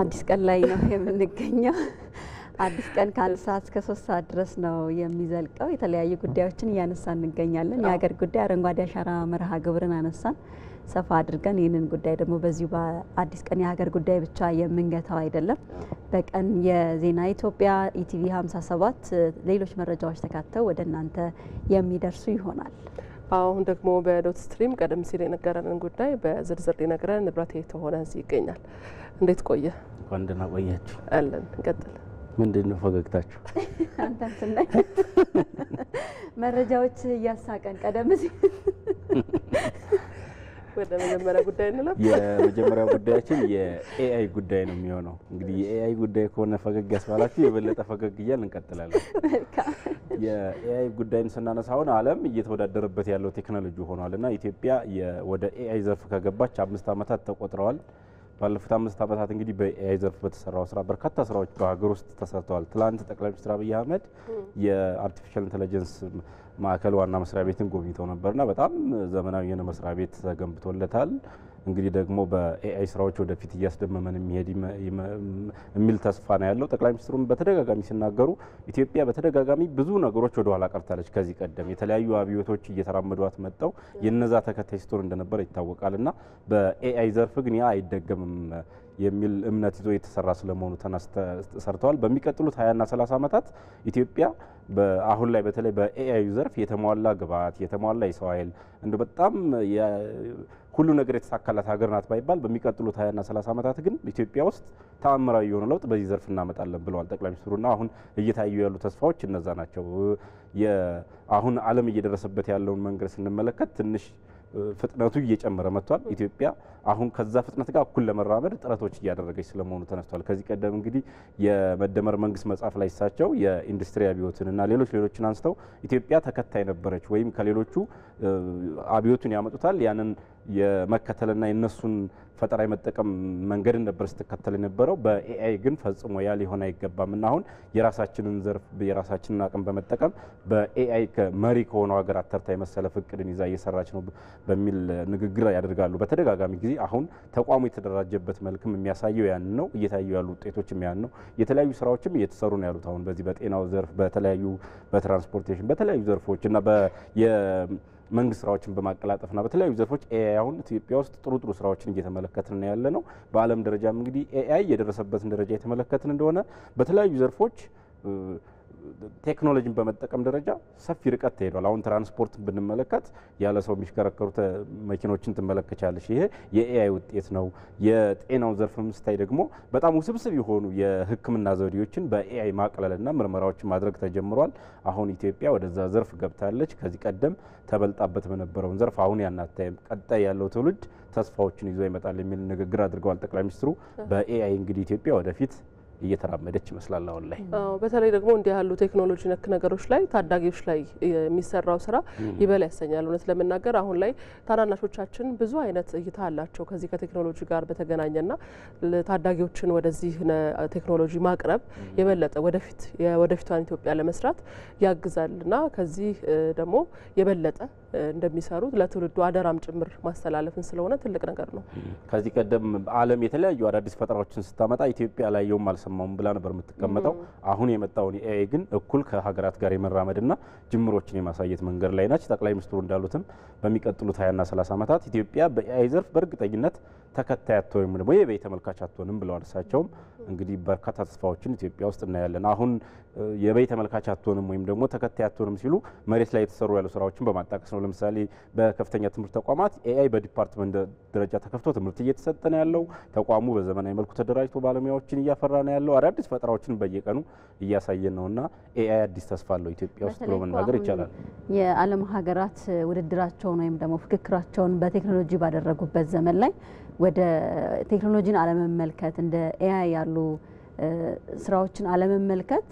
አዲስ ቀን ላይ ነው የምንገኘው። አዲስ ቀን ከአንድ ሰዓት እስከ ሶስት ሰዓት ድረስ ነው የሚዘልቀው። የተለያዩ ጉዳዮችን እያነሳ እንገኛለን። የሀገር ጉዳይ አረንጓዴ አሻራ መርሃ ግብርን አነሳን ሰፋ አድርገን ይህንን ጉዳይ ደግሞ በዚሁ በአዲስ ቀን የሀገር ጉዳይ ብቻ የምንገታው አይደለም። በቀን የዜና ኢትዮጵያ ኢቲቪ 57 ሌሎች መረጃዎች ተካተው ወደ እናንተ የሚደርሱ ይሆናል። አሁን ደግሞ በዶት ስትሪም ቀደም ሲል የነገረንን ጉዳይ በዝርዝር ሊነግረን ንብረት የተሆነ እዚህ ይገኛል። እንዴት ቆየ? እንኳን ደህና ቆያችሁ። አለን እንቀጥል። ምንድን ነው ፈገግታችሁ? አንተን ስናይ መረጃዎች እያሳቀን ቀደም ሲል ወደ ጉዳይ እንለፍ። የመጀመሪያ ጉዳያችን የኤአይ ጉዳይ ነው የሚሆነው። እንግዲህ የኤአይ ጉዳይ ከሆነ ፈገግ ያስባላችሁ የበለጠ ፈገግ እያል እንቀጥላለን። የኤአይ ጉዳይን ስናነሳ አሁን ዓለም እየተወዳደረበት ያለው ቴክኖሎጂ ሆኗል እና ኢትዮጵያ ወደ ኤአይ ዘርፍ ከገባች አምስት ዓመታት ተቆጥረዋል። ባለፉት አምስት ዓመታት እንግዲህ በኤአይ ዘርፍ በተሰራው ስራ በርካታ ስራዎች በሀገር ውስጥ ተሰርተዋል። ትላንት ጠቅላይ ሚኒስትር አብይ አህመድ የአርቲፊሻል ኢንቴሊጀንስ ማዕከል ዋና መስሪያ ቤትን ጎብኝተው ነበርና በጣም ዘመናዊ የሆነ መስሪያ ቤት ተገንብቶለታል። እንግዲህ ደግሞ በኤአይ ስራዎች ወደፊት እያስደመመን የሚሄድ የሚል ተስፋ ነው ያለው። ጠቅላይ ሚኒስትሩም በተደጋጋሚ ሲናገሩ ኢትዮጵያ በተደጋጋሚ ብዙ ነገሮች ወደኋላ ቀርታለች። ከዚህ ቀደም የተለያዩ አብዮቶች እየተራመዷት መጠው የነዛ ተከታይ ስትሆን እንደነበረ ይታወቃል እና በኤአይ ዘርፍ ግን ያ አይደገምም የሚል እምነት ይዞ የተሰራ ስለመሆኑ ተሰርተዋል። በሚቀጥሉት 20ና 30 ዓመታት ኢትዮጵያ አሁን ላይ በተለይ በኤአዩ ዘርፍ የተሟላ ግብዓት የተሟላ የሰው ኃይል እንደ በጣም ሁሉ ነገር የተሳካላት ሀገር ናት ባይባል በሚቀጥሉት 20ና 30 ዓመታት ግን ኢትዮጵያ ውስጥ ተአምራዊ የሆነ ለውጥ በዚህ ዘርፍ እናመጣለን ብለዋል ጠቅላይ ሚኒስትሩና አሁን እየታዩ ያሉ ተስፋዎች እነዛ ናቸው። አሁን ዓለም እየደረሰበት ያለውን መንገድ ስንመለከት ትንሽ ፍጥነቱ እየጨመረ መጥቷል። ኢትዮጵያ አሁን ከዛ ፍጥነት ጋር እኩል ለመራመድ ጥረቶች እያደረገች ስለመሆኑ ተነስቷል። ከዚህ ቀደም እንግዲህ የመደመር መንግስት መጽሐፍ ላይ እሳቸው የኢንዱስትሪ እና ሌሎች ሌሎችን አንስተው ኢትዮጵያ ተከታይ ነበረች ወይም ከሌሎቹ አብዮቱን ያመጡታል ያንን የመከተልና የነሱን ፈጠራ የመጠቀም መንገድን ነበር ስትከተል የነበረው። በኤአይ ግን ፈጽሞ ያ ሊሆን አይገባም እና አሁን የራሳችንን ዘርፍ የራሳችንን አቅም በመጠቀም በኤአይ መሪ ከሆነው ሀገራት ተርታ የመሰለፍ እቅድን ይዛ እየሰራች ነው በሚል ንግግር ያደርጋሉ በተደጋጋሚ ጊዜ። አሁን ተቋሙ የተደራጀበት መልክም የሚያሳየው ያን ነው። እየታዩ ያሉ ውጤቶችም ያን ነው። የተለያዩ ስራዎችም እየተሰሩ ነው ያሉት አሁን በዚህ በጤናው ዘርፍ በተለያዩ በትራንስፖርቴሽን በተለያዩ ዘርፎች እና መንግስት ስራዎችን በማቀላጠፍና በተለያዩ ዘርፎች ኤአይ አሁን ኢትዮጵያ ውስጥ ጥሩ ጥሩ ስራዎችን እየተመለከትን ያለ ነው። በዓለም ደረጃም እንግዲህ ኤአይ የደረሰበትን ደረጃ የተመለከትን እንደሆነ በተለያዩ ዘርፎች ቴክኖሎጂን በመጠቀም ደረጃ ሰፊ ርቀት ተሄዷል። አሁን ትራንስፖርት ብንመለከት ያለ ሰው የሚሽከረከሩ መኪኖችን ትመለከቻለች። ይሄ የኤአይ ውጤት ነው። የጤናው ዘርፍም ስታይ ደግሞ በጣም ውስብስብ የሆኑ የሕክምና ዘዴዎችን በኤአይ ማቅለልና ምርመራዎችን ማድረግ ተጀምሯል። አሁን ኢትዮጵያ ወደዛ ዘርፍ ገብታለች። ከዚህ ቀደም ተበልጣበት በነበረውን ዘርፍ አሁን ያናታይም ቀጣይ ያለው ትውልድ ተስፋዎችን ይዞ ይመጣል የሚል ንግግር አድርገዋል ጠቅላይ ሚኒስትሩ። በኤአይ እንግዲህ ኢትዮጵያ ወደፊት እየተራመደች ይመስላል አሁን ላይ። በተለይ ደግሞ እንዲህ ያሉ ቴክኖሎጂ ነክ ነገሮች ላይ ታዳጊዎች ላይ የሚሰራው ስራ ይበል ያሰኛል። እውነት ለመናገር አሁን ላይ ታናናሾቻችን ብዙ አይነት እይታ አላቸው ከዚህ ከቴክኖሎጂ ጋር በተገናኘና ታዳጊዎችን ወደዚህ ቴክኖሎጂ ማቅረብ የበለጠ ወደፊት የወደፊቷን ኢትዮጵያ ለመስራት ያግዛልና ከዚህ ደግሞ የበለጠ እንደሚሰሩት ለትውልዱ አደራም ጭምር ማስተላለፍን ስለሆነ ትልቅ ነገር ነው። ከዚህ ቀደም ዓለም የተለያዩ አዳዲስ ፈጠራዎችን ስታመጣ ኢትዮጵያ ላይ የውም አልሰማውም ብላ ነበር የምትቀመጠው። አሁን የመጣውን ኤአይ ግን እኩል ከሀገራት ጋር የመራመድና ጅምሮችን የማሳየት መንገድ ላይ ናች። ጠቅላይ ሚኒስትሩ እንዳሉትም በሚቀጥሉት ሀያና ሰላሳ ዓመታት ኢትዮጵያ በኤአይ ዘርፍ በእርግጠኝነት ተከታይ አትሆንም፣ ደግሞ የበይ ተመልካች አትሆንም ብለዋል እሳቸውም እንግዲህ በርካታ ተስፋዎችን ኢትዮጵያ ውስጥ እናያለን። አሁን የበይ ተመልካች አትሆንም ወይም ደግሞ ተከታይ አትሆንም ሲሉ መሬት ላይ የተሰሩ ያሉ ስራዎችን በማጣቀስ ነው። ለምሳሌ በከፍተኛ ትምህርት ተቋማት ኤአይ በዲፓርትመንት ደረጃ ተከፍቶ ትምህርት እየተሰጠ ነው ያለው። ተቋሙ በዘመናዊ መልኩ ተደራጅቶ ባለሙያዎችን እያፈራ ነው ያለው። አዳዲስ ፈጠራዎችን በየቀኑ እያሳየን ነው እና ኤአይ አዲስ ተስፋ አለው ኢትዮጵያ ውስጥ ብሎ መናገር ይቻላል። የዓለም ሀገራት ውድድራቸውን ወይም ደግሞ ፍክክራቸውን በቴክኖሎጂ ባደረጉበት ዘመን ላይ ወደ ቴክኖሎጂን አለመመልከት እንደ ኤአይ ያሉ ስራዎችን አለመመልከት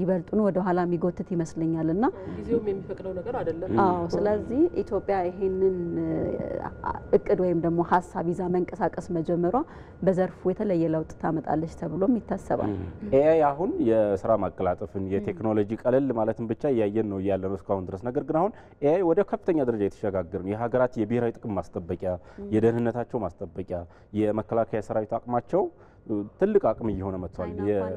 ይበልጡን ወደ ኋላ የሚጎትት ይመስለኛል ና ጊዜውም የሚፈቅደው ነገር አይደለም። አዎ፣ ስለዚህ ኢትዮጵያ ይሄንን እቅድ ወይም ደግሞ ሀሳብ ይዛ መንቀሳቀስ መጀመሯ በዘርፉ የተለየ ለውጥ ታመጣለች ተብሎም ይታሰባል። ኤአይ አሁን የስራ ማቀላጠፍን የቴክኖሎጂ ቀለል ማለትን ብቻ እያየን ነው እያለ ነው እስካሁን ድረስ። ነገር ግን አሁን ኤአይ ወደ ከፍተኛ ደረጃ የተሸጋገርን የሀገራት የብሔራዊ ጥቅም ማስጠበቂያ፣ የደህንነታቸው ማስጠበቂያ፣ የመከላከያ ሰራዊት አቅማቸው ትልቅ አቅም እየሆነ መጥቷል።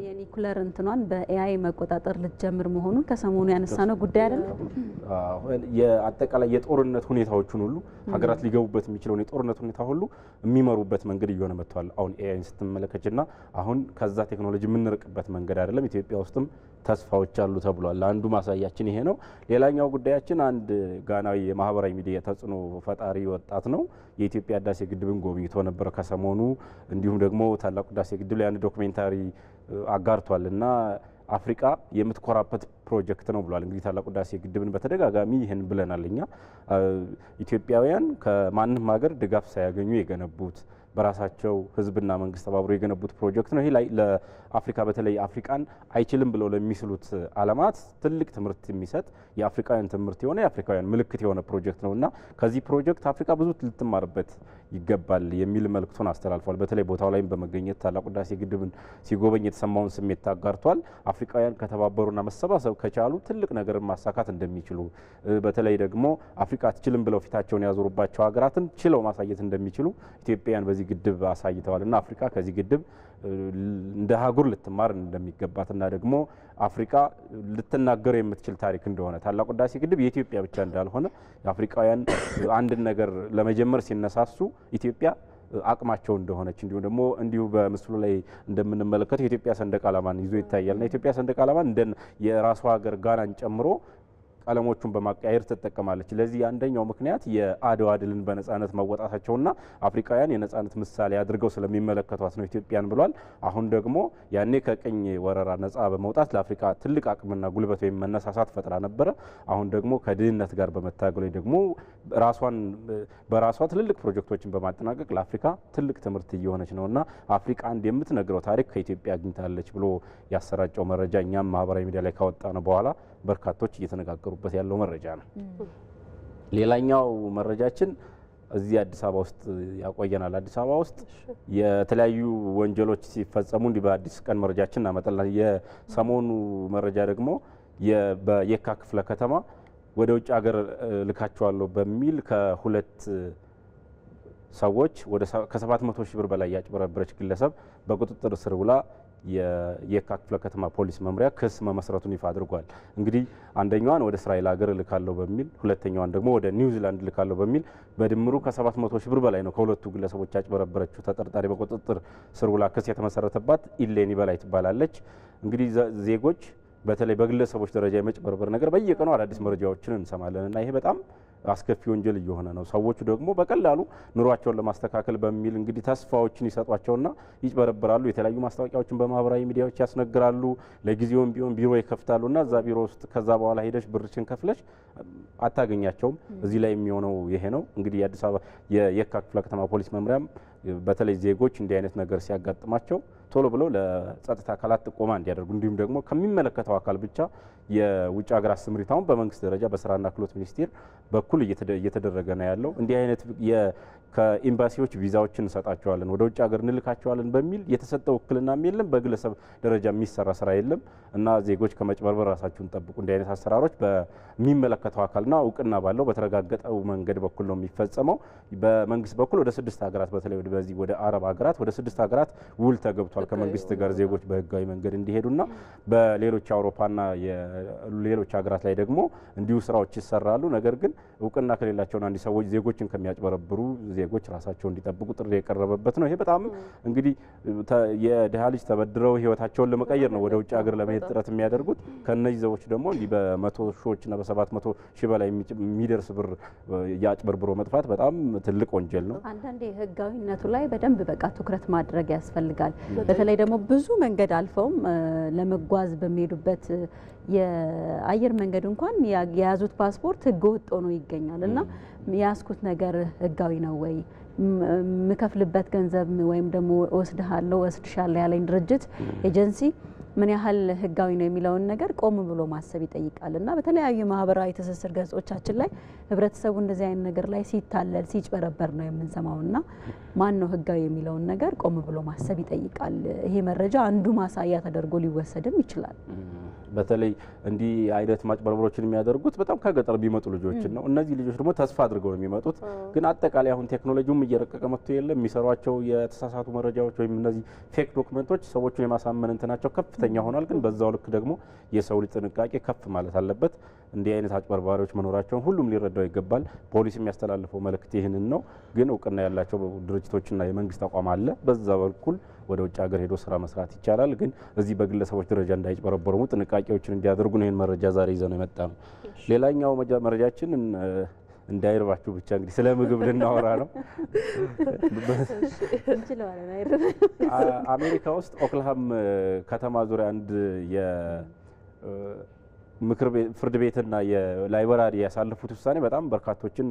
የኒኩለር እንትኗን በኤአይ መቆጣጠር ልትጀምር መሆኑን ከሰሞኑ ያነሳ ነው ጉዳይ አይደለም። የአጠቃላይ የጦርነት ሁኔታዎችን ሁሉ ሀገራት ሊገቡበት የሚችለውን የጦርነት ሁኔታ ሁሉ የሚመሩበት መንገድ እየሆነ መጥቷል። አሁን ኤአይን ና አሁን ከዛ ቴክኖሎጂ የምንርቅበት መንገድ አይደለም። ኢትዮጵያ ውስጥም ተስፋዎች አሉ ተብሏል። አንዱ ማሳያችን ይሄ ነው። ሌላኛው ጉዳያችን አንድ ጋናዊ የማህበራዊ ሚዲያ ተጽዕኖ ፈጣሪ ወጣት ነው። የኢትዮጵያ ህዳሴ ግድብን ጎብኝቶ ነበረ ከሰሞኑ። እንዲሁም ደግሞ ታላቁ ህዳሴ ግድብ ላይ አንድ ዶክሜንታሪ አጋርቷል እና አፍሪቃ የምትኮራበት ፕሮጀክት ነው ብሏል። እንግዲህ ታላቁ ህዳሴ ግድብን በተደጋጋሚ ይህን ብለናል እኛ ኢትዮጵያውያን ከማንም ሀገር ድጋፍ ሳያገኙ የገነቡት በራሳቸው ህዝብና መንግስት ተባብሮ የገነቡት ፕሮጀክት ነው። ይህ ላይ ለአፍሪካ በተለይ አፍሪካን አይችልም ብለው ለሚስሉት አለማት ትልቅ ትምህርት የሚሰጥ የአፍሪካውያን ትምህርት የሆነ የአፍሪካውያን ምልክት የሆነ ፕሮጀክት ነው እና ከዚህ ፕሮጀክት አፍሪካ ብዙ ልትማርበት ይገባል የሚል መልእክቱን አስተላልፏል። በተለይ ቦታው ላይም በመገኘት ታላቁ ህዳሴ ግድብን ሲጎበኝ የተሰማውን ስሜት ታጋርቷል። አፍሪካውያን ከተባበሩና መሰባሰብ ከቻሉ ትልቅ ነገር ማሳካት እንደሚችሉ በተለይ ደግሞ አፍሪካ አትችልም ብለው ፊታቸውን ያዞሩባቸው ሀገራትን ችለው ማሳየት እንደሚችሉ ኢትዮጵያውያን በዚህ ግድብ አሳይተዋል እና አፍሪካ ከዚህ ግድብ እንደ ሀጉር ልትማር እንደሚገባትና ደግሞ አፍሪካ ልትናገረው የምትችል ታሪክ እንደሆነ ታላቁ ህዳሴ ግድብ የኢትዮጵያ ብቻ እንዳልሆነ የአፍሪካውያን አንድን ነገር ለመጀመር ሲነሳሱ ኢትዮጵያ አቅማቸው እንደሆነች እንዲሁም ደግሞ እንዲሁ በምስሉ ላይ እንደምንመለከተው የኢትዮጵያ ሰንደቅ ዓላማን ይዞ ይታያልና የኢትዮጵያ ሰንደቅ ዓላማን እንደ የራሱ ሀገር ጋናን ጨምሮ ቀለሞቹን በማቀያየር ትጠቀማለች። ለዚህ አንደኛው ምክንያት የአድዋ ድልን በነጻነት መወጣታቸውና አፍሪካውያን የነጻነት ምሳሌ አድርገው ስለሚመለከቷት ነው ኢትዮጵያን ብሏል። አሁን ደግሞ ያኔ ከቅኝ ወረራ ነጻ በመውጣት ለአፍሪካ ትልቅ አቅምና ጉልበት ወይም መነሳሳት ፈጥራ ነበረ። አሁን ደግሞ ከድህነት ጋር በመታገል ደግሞ ራሷን በራሷ ትልልቅ ፕሮጀክቶችን በማጠናቀቅ ለአፍሪካ ትልቅ ትምህርት እየሆነች ነውና አፍሪካ አንድ የምትነግረው ታሪክ ከኢትዮጵያ አግኝታለች ብሎ ያሰራጨው መረጃ እኛም ማህበራዊ ሚዲያ ላይ ካወጣ ነው በኋላ በርካቶች እየተነጋገሩበት ያለው መረጃ ነው። ሌላኛው መረጃችን እዚህ አዲስ አበባ ውስጥ ያቆየናል። አዲስ አበባ ውስጥ የተለያዩ ወንጀሎች ሲፈጸሙ እንዲህ በአዲስ ቀን መረጃችን እናመጣለን። የሰሞኑ መረጃ ደግሞ በየካ ክፍለ ከተማ ወደ ውጭ ሀገር ልካቸዋለሁ በሚል ከሁለት ሰዎች ከሰባት መቶ ሺህ ብር በላይ ያጭበረበረች ግለሰብ በቁጥጥር ስር ውላ የየካ ክፍለ ከተማ ፖሊስ መምሪያ ክስ መመስረቱን ይፋ አድርጓል። እንግዲህ አንደኛዋን ወደ እስራኤል ሀገር እልካለሁ በሚል ሁለተኛዋን ደግሞ ወደ ኒውዚላንድ እልካለሁ በሚል በድምሩ ከ700 ሺህ ብር በላይ ነው ከሁለቱ ግለሰቦች ያጭበረበረችው ተጠርጣሪ በቁጥጥር ስር ውላ ክስ የተመሰረተባት ኢሌኒ በላይ ትባላለች። እንግዲህ ዜጎች በተለይ በግለሰቦች ደረጃ የመጭበርበር ነገር በየቀኑ አዳዲስ መረጃዎችን እንሰማለን እና ይሄ በጣም አስከፊ ወንጀል እየሆነ ነው። ሰዎቹ ደግሞ በቀላሉ ኑሯቸውን ለማስተካከል በሚል እንግዲህ ተስፋዎችን ይሰጧቸውና ይጭበረብራሉ። የተለያዩ ማስታወቂያዎችን በማህበራዊ ሚዲያዎች ያስነግራሉ። ለጊዜውም ቢሆን ቢሮ ይከፍታሉና እዛ ቢሮ ውስጥ ከዛ በኋላ ሄደሽ ብርችን ከፍለሽ አታገኛቸውም። እዚህ ላይ የሚሆነው ይሄ ነው። እንግዲህ የአዲስ አበባ የየካ ክፍለ ከተማ ፖሊስ መምሪያም በተለይ ዜጎች እንዲህ አይነት ነገር ሲያጋጥማቸው ቶሎ ብለው ለጸጥታ አካላት ጥቆማ እንዲያደርጉ እንዲሁም ደግሞ ከሚመለከተው አካል ብቻ የውጭ ሀገር ስምሪት አሁን በመንግስት ደረጃ በስራና ክህሎት ሚኒስቴር በኩል እየተደረገ ነው ያለው። እንዲህ አይነት ከኤምባሲዎች ቪዛዎችን እንሰጣቸዋለን፣ ወደ ውጭ ሀገር እንልካቸዋለን በሚል የተሰጠ ውክልናም የለም፣ በግለሰብ ደረጃ የሚሰራ ስራ የለም እና ዜጎች ከመጭበርበር ራሳችሁን ጠብቁ። እንዲህ አይነት አሰራሮች በሚመለከተው አካልና እውቅና ባለው በተረጋገጠው መንገድ በኩል ነው የሚፈጸመው። በመንግስት በኩል ወደ ስድስት ሀገራት በተለይ በዚህ ወደ አረብ ሀገራት ወደ ስድስት ሀገራት ውል ተገብቷል። ከመንግስት ጋር ዜጎች በህጋዊ መንገድ እንዲሄዱና በሌሎች አውሮፓና ሌሎች ሀገራት ላይ ደግሞ እንዲሁ ስራዎች ይሰራሉ። ነገር ግን እውቅና ከሌላቸውና እንዲ ሰዎች ዜጎችን ከሚያጭበረብሩ ዜጎች ራሳቸው እንዲጠብቁ ጥሪ የቀረበበት ነው። ይሄ በጣም እንግዲህ የድሃ ልጅ ተበድረው ህይወታቸውን ለመቀየር ነው ወደ ውጭ ሀገር ለመሄድ ጥረት የሚያደርጉት። ከነዚህ ሰዎች ደግሞ እንዲህ በመቶ ሺዎችና በሰባት መቶ ሺህ በላይ የሚደርስ ብር የአጭበርብሮ መጥፋት በጣም ትልቅ ወንጀል ነው። አንዳንዴ ህጋዊነቱ ላይ በደንብ በቃ ትኩረት ማድረግ ያስፈልጋል። በተለይ ደግሞ ብዙ መንገድ አልፈውም ለመጓዝ በሚሄዱበት የአየር መንገድ እንኳን የያዙት ፓስፖርት ህገ ወጥ ሆኖ ይገኛል እና የያዝኩት ነገር ህጋዊ ነው ወይ የምከፍልበት ገንዘብ ወይም ደግሞ ወስድሃለሁ ወስድሻለሁ ያለኝ ድርጅት ኤጀንሲ ምን ያህል ህጋዊ ነው የሚለውን ነገር ቆም ብሎ ማሰብ ይጠይቃል እና በተለያዩ ማህበራዊ ትስስር ገጾቻችን ላይ ህብረተሰቡ እንደዚህ አይነት ነገር ላይ ሲታለል ሲጭበረበር ነው የምንሰማው እና ማን ነው ህጋዊ የሚለውን ነገር ቆም ብሎ ማሰብ ይጠይቃል። ይሄ መረጃ አንዱ ማሳያ ተደርጎ ሊወሰድም ይችላል። በተለይ እንዲህ አይነት ማጭበርበሮችን የሚያደርጉት በጣም ከገጠር ቢመጡ ልጆችን ነው። እነዚህ ልጆች ደግሞ ተስፋ አድርገው ነው የሚመጡት። ግን አጠቃላይ አሁን ቴክኖሎጂውም እየረቀቀ መጥቶ የለም የሚሰሯቸው የተሳሳቱ መረጃዎች ወይም እነዚህ ፌክ ዶክመንቶች ሰዎቹን የማሳመን እንትናቸው ከፍተኛ ሆኗል። ግን በዛው ልክ ደግሞ የሰው ልጅ ጥንቃቄ ከፍ ማለት አለበት። እንዲህ አይነት አጭበርባሪዎች መኖራቸውን ሁሉም ሊረዳው ይገባል። ፖሊስ የሚያስተላልፈው መልእክት ይህንን ነው። ግን እውቅና ያላቸው ድርጅቶችና የመንግስት ተቋም አለ በዛ በኩል ወደ ውጭ ሀገር ሄዶ ስራ መስራት ይቻላል። ግን እዚህ በግለሰቦች ደረጃ እንዳይጭበረበረሙ ጥንቃቄዎችን እንዲያደርጉ ነው ይህን መረጃ ዛሬ ይዘ ነው የመጣ ነው። ሌላኛው መረጃችን እንዳይርባችሁ ብቻ እንግዲህ ስለ ምግብ ልናወራ ነው። አሜሪካ ውስጥ ኦክልሃም ከተማ ዙሪያ አንድ የምክር ቤት ፍርድ ቤትና የላይበራሪ ያሳለፉት ውሳኔ በጣም በርካቶችን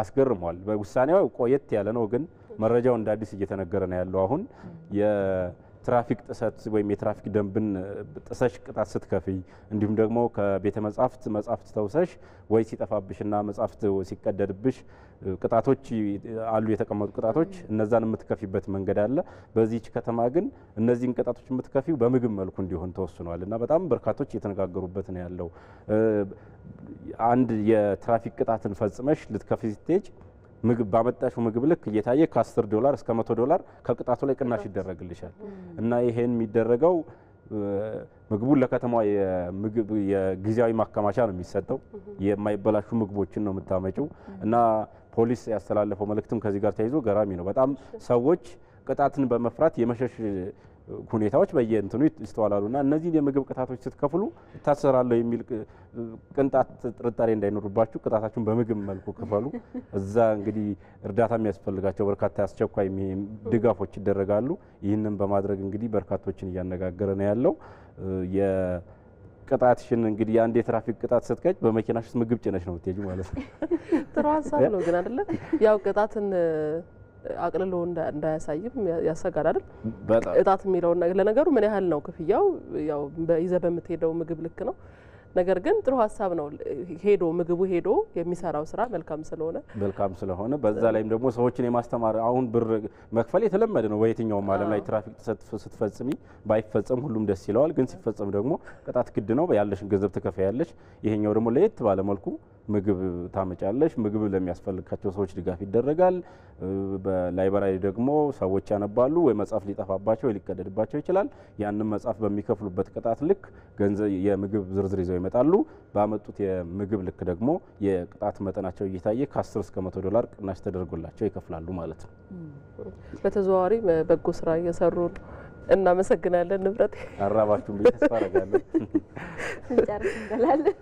አስገርሟል። ውሳኔው ቆየት ያለ ነው ግን መረጃው እንደ አዲስ እየተነገረ ነው ያለው። አሁን የትራፊክ ጥሰት ወይም የትራፊክ ደንብን ጥሰሽ ቅጣት ስትከፍይ፣ እንዲሁም ደግሞ ከቤተ መጻሕፍት መጻሕፍት ተውሰሽ ወይ ሲጠፋብሽና መጻሕፍት ሲቀደድብሽ ቅጣቶች አሉ፣ የተቀመጡ ቅጣቶች። እነዛን የምትከፊበት መንገድ አለ። በዚህች ከተማ ግን እነዚህን ቅጣቶች የምትከፊው በምግብ መልኩ እንዲሆን ተወስኗል እና በጣም በርካቶች እየተነጋገሩበት ነው ያለው። አንድ የትራፊክ ቅጣትን ፈጽመሽ ልትከፊ ስትሄጅ ምግብ ባመጣሽው ምግብ ልክ እየታየ ከ10 ዶላር እስከ 100 ዶላር ከቅጣቱ ላይ ቅናሽ ይደረግልሻል እና ይሄን የሚደረገው ምግቡን ለከተማዋ የምግብ የጊዜያዊ ማከማቻ ነው የሚሰጠው። የማይበላሹ ምግቦችን ነው የምታመጪው እና ፖሊስ ያስተላለፈው መልእክትም ከዚህ ጋር ተያይዞ ገራሚ ነው። በጣም ሰዎች ቅጣትን በመፍራት የመሸሽ ሁኔታዎች በየእንትኑ ይስተዋላሉ እና እነዚህን የምግብ ቅጣቶች ስትከፍሉ እታሰራለሁ የሚል ቅንጣት ጥርጣሬ እንዳይኖርባችሁ ቅጣታችሁን በምግብ መልኩ ክፈሉ። እዛ እንግዲህ እርዳታ የሚያስፈልጋቸው በርካታ አስቸኳይ ድጋፎች ይደረጋሉ። ይህንን በማድረግ እንግዲህ በርካቶችን እያነጋገረ ነው ያለው። ቅጣትሽን እንግዲህ የአንድ የትራፊክ ቅጣት ስትቀጭ በመኪናሽ ምግብ ጭነሽ ነው የምትሄጂው ማለት ነው። ጥሩ ሀሳብ ነው ግን አይደለም ያው ቅጣትን አቅልሎ እንዳያሳይም ያሰጋል አይደል? እጣት የሚለውን ለነገሩ ምን ያህል ነው ክፍያው? ያው ይዘ በምትሄደው ምግብ ልክ ነው። ነገር ግን ጥሩ ሀሳብ ነው። ሄዶ ምግቡ ሄዶ የሚሰራው ስራ መልካም ስለሆነ መልካም ስለሆነ በዛ ላይም ደግሞ ሰዎችን የማስተማር አሁን ብር መክፈል የተለመደ ነው በየትኛውም ዓለም ላይ ትራፊክ ስትፈጽሚ ባይፈጸም ሁሉም ደስ ይለዋል። ግን ሲፈጸም ደግሞ ቅጣት ግድ ነው። ያለሽን ገንዘብ ትከፍያለሽ። ይሄኛው ደግሞ ለየት ባለመልኩ ምግብ ታመጫለች። ምግብ ለሚያስፈልጋቸው ሰዎች ድጋፍ ይደረጋል። በላይበራሪ ደግሞ ሰዎች ያነባሉ ወይ መጽሐፍ ሊጠፋባቸው ወይ ሊቀደድባቸው ይችላል። ያንን መጽሐፍ በሚከፍሉበት ቅጣት ልክ ገንዘብ የምግብ ዝርዝር ይዘው ይመጣሉ። ባመጡት የምግብ ልክ ደግሞ የቅጣት መጠናቸው እየታየ ከ10 እስከ 100 ዶላር ቅናሽ ተደርጎላቸው ይከፍላሉ ማለት ነው። በተዘዋዋሪ በጎ ስራ እየሰሩ እናመሰግናለን። ንብረት አራባችሁን ብዬ ተስፋ እንበላለን።